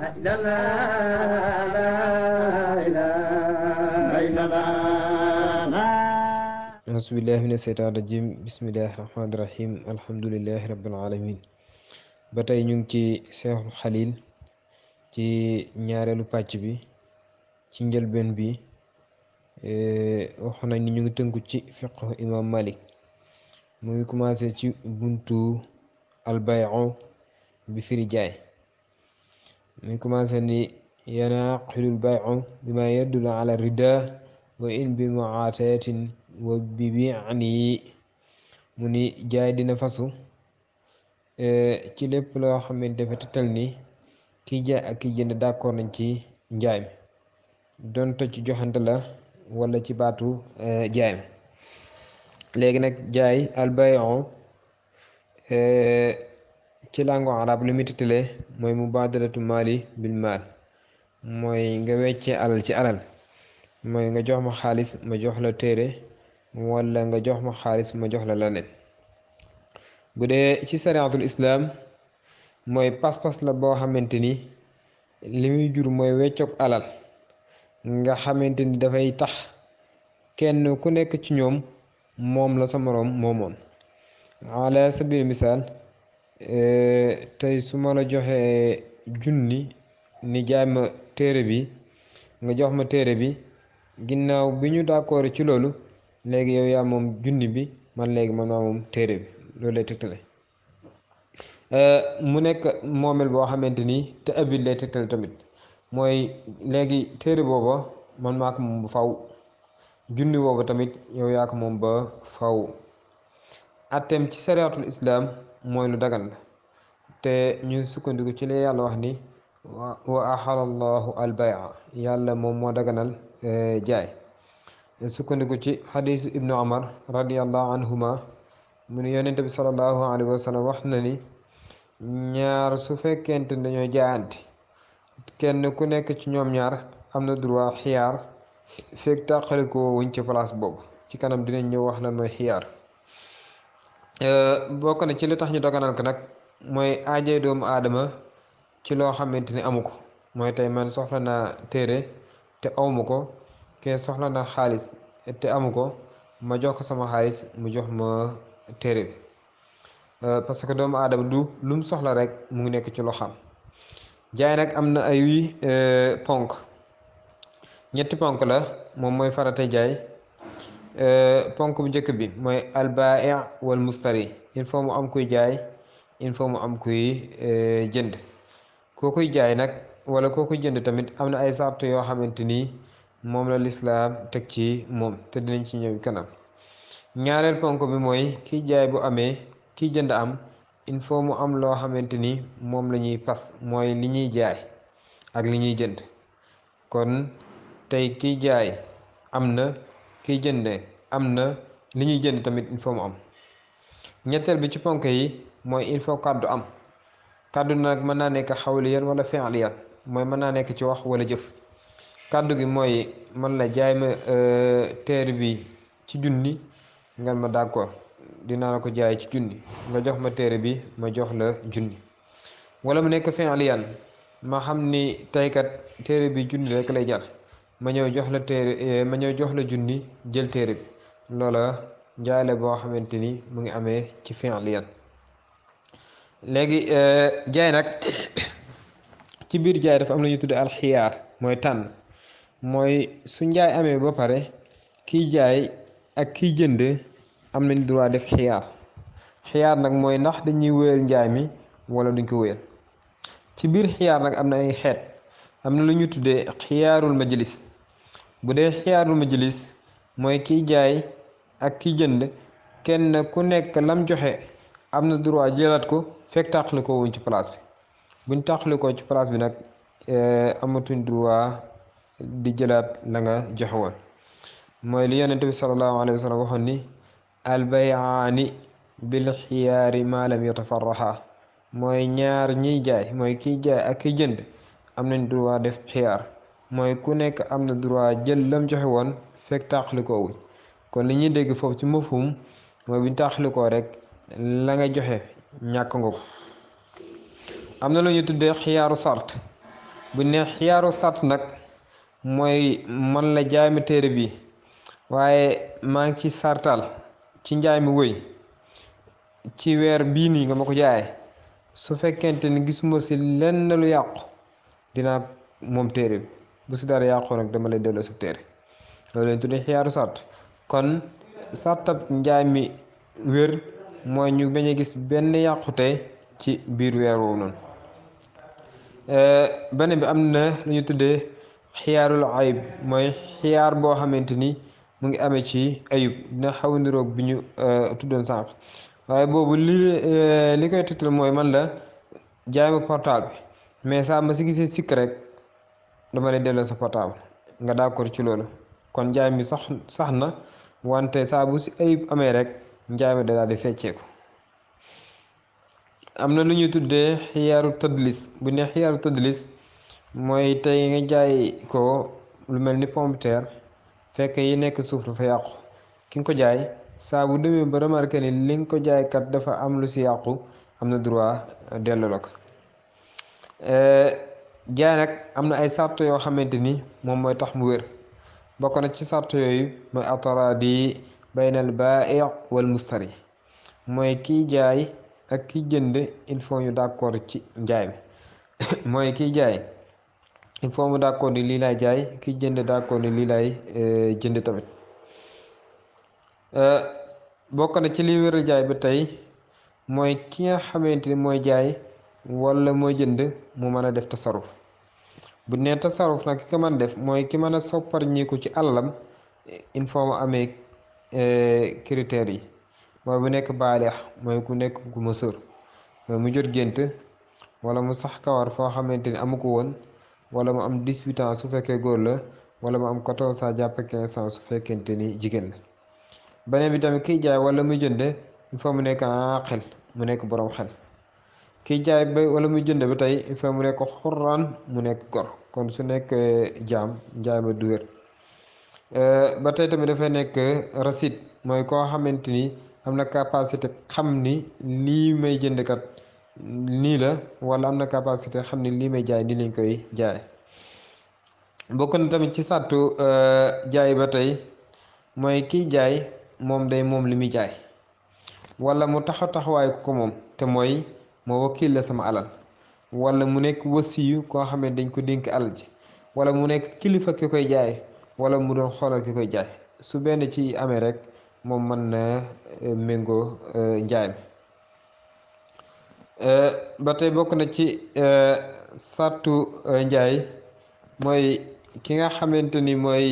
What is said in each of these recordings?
إلا الله لا إله إلا الله أعوذ بالله من الشيطان الرجيم بسم الله الرحمن الرحيم الحمد لله رب العالمين ba tey ñu ngi ci Seexul Xaliil ci ñaareelu pàcc bi ci njëlbeen bi e, wax nañ ni ñu ngi tënku ci fiqhu Imaam Malik mu ngi commencé ci buntu albayu bi firi jaay mi commencé ni yanaqidul bayu bima yadulu ala rida wa in bi muatatin wa bi biani mu ni jaay dina fasu e, ci lépp loo xam ne dafa ni ki jaay ak jënd d'accord nañ ci njaay mi donte ci joxante la wala ci baatu e, jaay léegi nag jaay al bayu e, ci langu arab lu mu titile mooy mubadalatu mali bil maal mooy nga wecce alal ci alal mooy nga jox ma xaalis ma jox la téere wala nga jox ma xaalis ma jox la leneen bu dee ci sariatul islaam mooy pas-pas la boo xamante ni li muy jur mooy weccook alal nga xamante ni dafay tax kenn ku nekk ci ñoom moom la sa moroom moomoon ala sabil misaal E, tawi sumano joxe junni ni jaayma téere bi nga jox ma téere bi ginnaaw bi ñu d' accore ci loolu léegi yow yaa moom junni bi man léegi ma noo moom téere bi loolu lay tëtale e, mu nekk moomel boo xamante ni te abit lay tëtale tamit mooy léegi téere booba man maa ko moom bu faw junni booba tamit yow yaa ko moom ba faw atteem ci sariyatul islaam mooy lu dagan te ñu sukkandiku ci la yàlla wax ni wa axala allahu yàlla moom moo daganal eh, jaay sukkandiku ci xadiisu ibnu amar radiallahu anhuma mu ne yonente bi salallahu alayhi wax na ni ñaar su fekkente dañoo jaayante kenn ku nekk ci ñoom ñaar am na droit xiyaar fekk tàqalikoo wuñ ci place boobu ci kanam dinañ ñëw wax lan mooy xiyaar Euh, bokk na ci li tax ñu daganal ko nag mooy aajee doomu aadama ci loo xamante ni amu ko mooy tey man soxla na téere te awmu ko ke soxla na xaalis te amu ko ma jox ko sama xaalis mu jox ma téere bi euh, parce que doomu aadama du lu soxla rek mu ngi nekk ci loo xam jaay nag am na ay euh, ponk ñetti ponk la moom mooy farata jaay Euh, ponk bu njëkk bi mooy albaa'i wal mustari il faut mu am kuy jaay il faut mu am kuy euh, jënd koo kuy jaay nag wala koo kuy jënd tamit am na ay sart yoo xamante ni moom la lislaam teg ci moom te dinañ ci ñëw kanam ñaareel ponk bi mooy kiy jaay bu amee kiy jënd am il faut mu am loo xamante ni moom la ñuy pas mooy li ñuy jaay ak li ñuy jënd kon tey kiy jaay am na kiy jëndee am na li ñuy jënd tamit il faut mu am ñetteel bi ci ponk yi mooy il faut kàddu am kàddu nag mën naa nekk xawliyan wala fi'liyan mooy mën naa nekk ci wax wala jëf kàddu gi mooy man la jaay ma euh, téere bi ci junni nga ma d'accord dinaa la ko jaay ci junni nga jox ma téere bi ma jox la junni wala mu nekk fi'liyan ma xam ni taykat téere bi junni rek lay jar ma ñëw jox la téere eh, ma ñëw jox la junni jël téere bi loola jaale boo xamante ni mu ngi amee ci fi'liyat léegi eh, jaay nag ci biir jaay dafa am la ñu tudde alxiyaar mooy tànn mooy su njaay amee ba pare kiy jaay ak kiy jënd am nañ droit def xiyaar xiyaar nag mooy ndax dañuy wéyal njaay mi wala duñ ko wéyal ci biir xiyaar nag am na ay xeet am na lu ñu tuddee xiyaarul majlis bu dee xiyaarul majlis mooy kiy jaay ak ki jënd kenn ku nekk lam joxe am na droit jëlaat ko fekk tàqali ko wuñ ci place bi buñ tàqali ko ci place bi nag eh, amatuñ droit di jëlaat la nga joxe woon mooy li yonente bi sallallahu alayhi wa sallam waxoon ni albayaani bil xiyaari ma lam yatafarraxa mooy ñaar ñiy jaay mooy kiy jaay ak ki jënd am nañ droit def xiyaar mooy ku nekk am na droit jël lam joxe woon fekk tàqalikoo wuñ kon li ñuy dégg foofu ci mafhum mooy buñ tàqalikoo rek la nga joxe ñàkk nga ko am na lu ñu tuddee xiyaaru sart bu ne xiyaaru sart nag mooy man la jaay ma téere bi waaye maa ngi ci sartal ci njaay mi woy ci weer bii nii nga ma ko jaay su fekkente ni gisuma si lenn lu yàqu dina moom téere bi bu si dara yàqoo nag dama lay delloo sab téere loolu lañ tuddee xiyaaru sart kon sartab njaay mi wér mooy ñu bañ gis benn yàqute ci biir weer woowu noonu eh, beneen bi am na lu ñu tuddee xiyaarul ayib mooy xiyaar boo xamante ni mu ngi ame ci ayub dina xaw niroog bi ñu eh, tuddoon sànq waaye boobu li eh, li koy tegtal mooy man la jaay ma portable bi mais saa ma si gisee sikk rek dama lay delloo sa portable nga d'accord ci loolu kon njaay mi sax sax na wante saa bu si ayib amee rek njaay mi da daal di fecceeku am na lu ñuy tuddee xiyaaru tadlis bu ne xiyaaru tadlis mooy tey nga jaay ko lu mel ni pompiteer fekk yi nekk suuf dafa yàqu ki nga ko jaay saa bu demee ba remarqué ni li nga ko jaaykat dafa am lu ci yàqu am na droit delloo la ko euh, jaay nag am na ay sart yoo xamante ni moom mooy tax mu wér bokk na ci sart yooyu mooy ataraadi baynal baa'i wal mustari mooy kiy jaay ak kiy jënd il faut ñu d'accord ci njaay bi mooy kiy jaay il faut mu d'accord ni lii laay jaay kiy jënd d'accord ni lii laay euh, jënd tamit euh, bokk na ci liy wéral jaay ba tey mooy ki nga xamante ni mooy jaay wala mooy jënd mu mën a def tasaruf bu ne tasaruf nag ki man def mooy ki mën a soppar ñiku ci alalam il faut mu amee eh, critères yi mooy bu nekk baaleex mooy ku nekk ku ma sër mooy mu jot gént wala mu sax kawar foo xamante ni amu ko woon walla mu am 18 ans su fekkee góor la wala mu am 14 ans jàpp 15 ans su fekkente ni jigéen la beneen bi tamit kiy jaay wala mu jënde il faut mu nekk aqil mu nekk borom xel kiy jaay ba wala muy jënd ba tey il mu nekk xurraan mu nekk gor kon su nekk jaam njaay ma du wér eh, ba tey tamit dafay nekk rasit mooy koo xamante ni am na capacité xam ni lii may jënd nii la wala am na capacité xam ni lii may jaay nii lañ koy jaay bokk na tamit ci sàttu eh, jaay ba tey mooy kii jaay moom day moom li muy jaay walla mu taxaw taxawaay ko moom te mooy. moo wakiil la sama alal wala mu nekk wasiyu koo xam dañ ko dink alal ji wala mu nekk kilifa ki koy jaay wala mu doon xoolal ki koy jaay su benn ci amee rek moom mën na eh, méngoo eh, njaay mi eh, ba tey bokk na ci sartu njaay mooy ki nga xamante ni mooy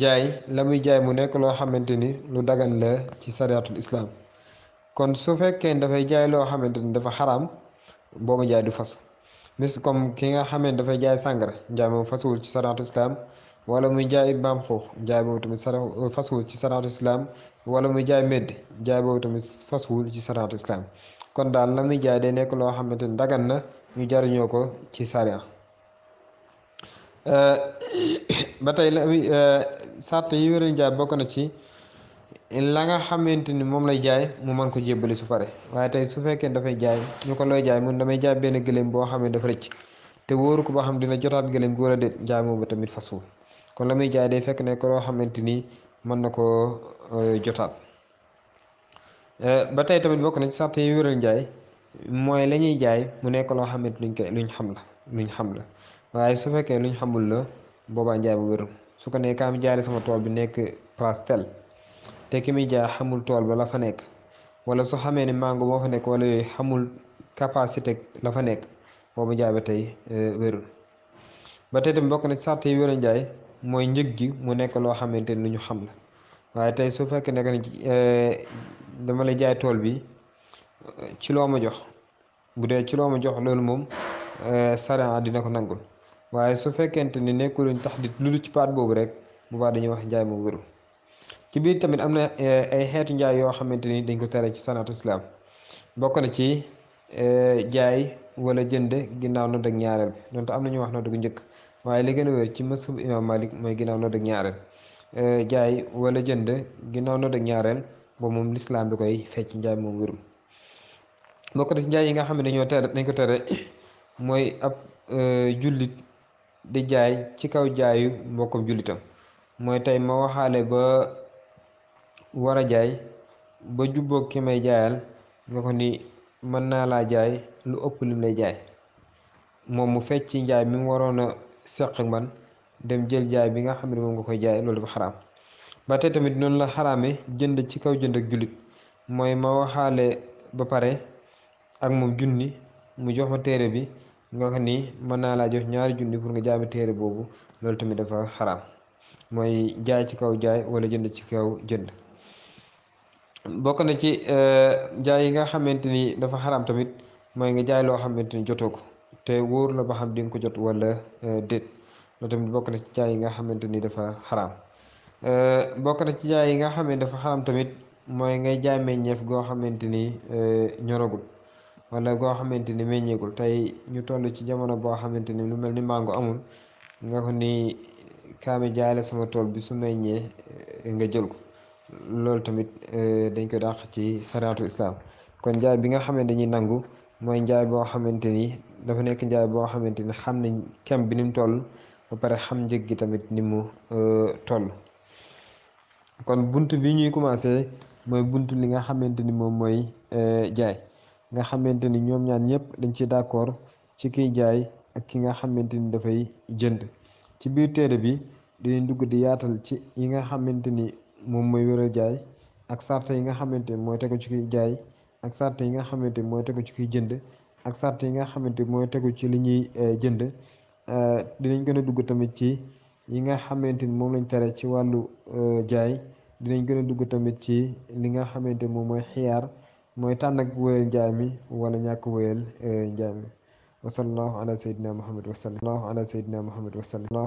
jaay la muy jaay mu nekk loo xamante ni lu dagan la ci sariyaatul islaam kon su fekkee ne dafay jaay loo xamante ni dafa xaraam boobu jaay du fas mis comme ki nga xamante dafay jaay sàngara njaay moom fasuwul ci saraatu wala muy jaay mbaam xuux jaay boobu tamit ci saraatu islam wala muy jaay medd jaay boobu tamit fasuwul ci saraatu islam kon daal la muy jaay day nekk loo xamante ni dagan na ñu jariñoo ko ci sariya euh, ba tey la euh, sart yi wéral bokk na ci la nga xamante ni moom lay jaay mu mën ko jébbale su pare waaye tey su fekkee dafay jaay ñu ko looy jaay mun damay jaay benn gëléem boo xam ne dafa rëcc te wóoru ko ba xam dina jotaat gëléem gi wala déet jaay moomu tamit fasul kon la muy jaay day fekk ne ko loo xamante ni mën na koo euh, jotaat euh, ba tey tamit bokk na ci sàrt yi wéral jaay mooy la ñuy jaay mu nekk loo xamante luñ koy luñ xam la luñ xam la waaye su fekkee luñ xamul la boobaa njaay bu wérum su ko nee kaam jaay sama tool bi nekk place te ki muy jaay xamul tool ba la fa nekk wala su xamee ne mango moo fa nekk wala yooyu xamul capacité la fa nekk boobu jaay ba tey eh, wérul ba tey na ci yi wér njaay mooy njëg gi mu nekk loo xamante ni lu ñu xam waaye tey su fekkee nekk na eh, dama lay jaay tool bi eh, ci loo ma jox bu dee ci loo ma jox loolu moom saraan dina ko nangul waaye su fekkente ni nekkul tax di lu ci paat boobu rek mu baax dañuy wax njaay moom wérul ci biir tamit am na eh, ay xeetu njaay yoo xamante ni dañ ko tere ci sanatu islam bokk na ci eh, jaay wala jënd ginnaaw nodd ak ñaareel bi am na ñu wax nodd gu njëkk waaye li gën a ci mësub imam malik mooy ginnaaw nodd ak ñaareel eh, jaay wala jënd ginnaaw nodd ak ñaareel ba moom lislaam bi koy fecc njaay moom wérum bokk na ci njaay yi nga xam ne dañoo tere dañ ko tere mooy ab jullit di jaay ci kaw jaayu mbokkum jullitam mooy tey ma waxaale ba war a jaay ba jubboog ki may jaayal nga ko ni mën naa laa jaay lu ëpp lim lay jaay moom mu fecc ci njaay mi mu waroon a seq man dem jël jaay bi nga xam ne moom nga koy jaay loolu dafa ba tey tamit noonu la xaraamee jënd ci kaw jënd ak jullit mooy ma waxaale ba pare ak moom junni mu jox ma téere bi nga ko ni mën naa laa jox ñaari junni pour nga jaay ma téere boobu loolu tamit dafa xaram mooy jaay ci kaw jaay wala jënd ci kaw jënd bokk na ci e, jaay yi nga xamante ni dafa xaram tamit mooy nga jaay loo xamante ni jotoo ko te wóor la ba xam di nga ko jot wala e, déet loolu tamit bokk na ci jaay yi nga xamante ni dafa xaram e, bokk na ci jaay yi nga xamante dafa xaram tamit mooy ngay jaay meññeef goo xamante ni ñoragul wala goo xamante ni meññeegul tey ñu toll ci jamono boo xamante ni lu mel ni mango amul nga ko ni kaame jaay la sama tool bi su meññee nga jël ko loolu tamit eh, dañ koy dàq ci sariyaatul islam kon njaay bi nga xamante ne dañuy nangu mooy njaay boo xamante ni dafa nekk njaay boo xamante ni xam nañ kem bi ni toll ba pare xam njëg gi tamit ni mu eh, toll kon bunt bi ñuy commencé mooy bunt li nga xamante ni moom mooy eh, jaay nga xamante ni ñoom ñaan ñëpp dañ ci d'accord ci ki jaay ak ki nga xamante ni dafay jënd ci biir téere bi dañuy dugg di yaatal ci yi nga xamante ni moom mooy wéral jaay ak sart yi nga xamante ni mooy tegu ci kiy jaay ak sart yi nga xamante ni mooy tegu ci kiy jënd ak sart yi nga xamante ni mooy tegu ci li ñuy eh, jënd eh, dinañ gën a dugg tamit ci yi nga xamante ni moom lañ tere ci wàllu eh, jaay dinañ gën a dugg tamit ci li nga xamante ni moom mooy xiyaar mooy tànn ak wéyal njaay mi wala ñàkk wéyal njaay mi wa sallallahu ala sayyidina muhammad wa sallallahu ala sayyidina muhammad wa sallam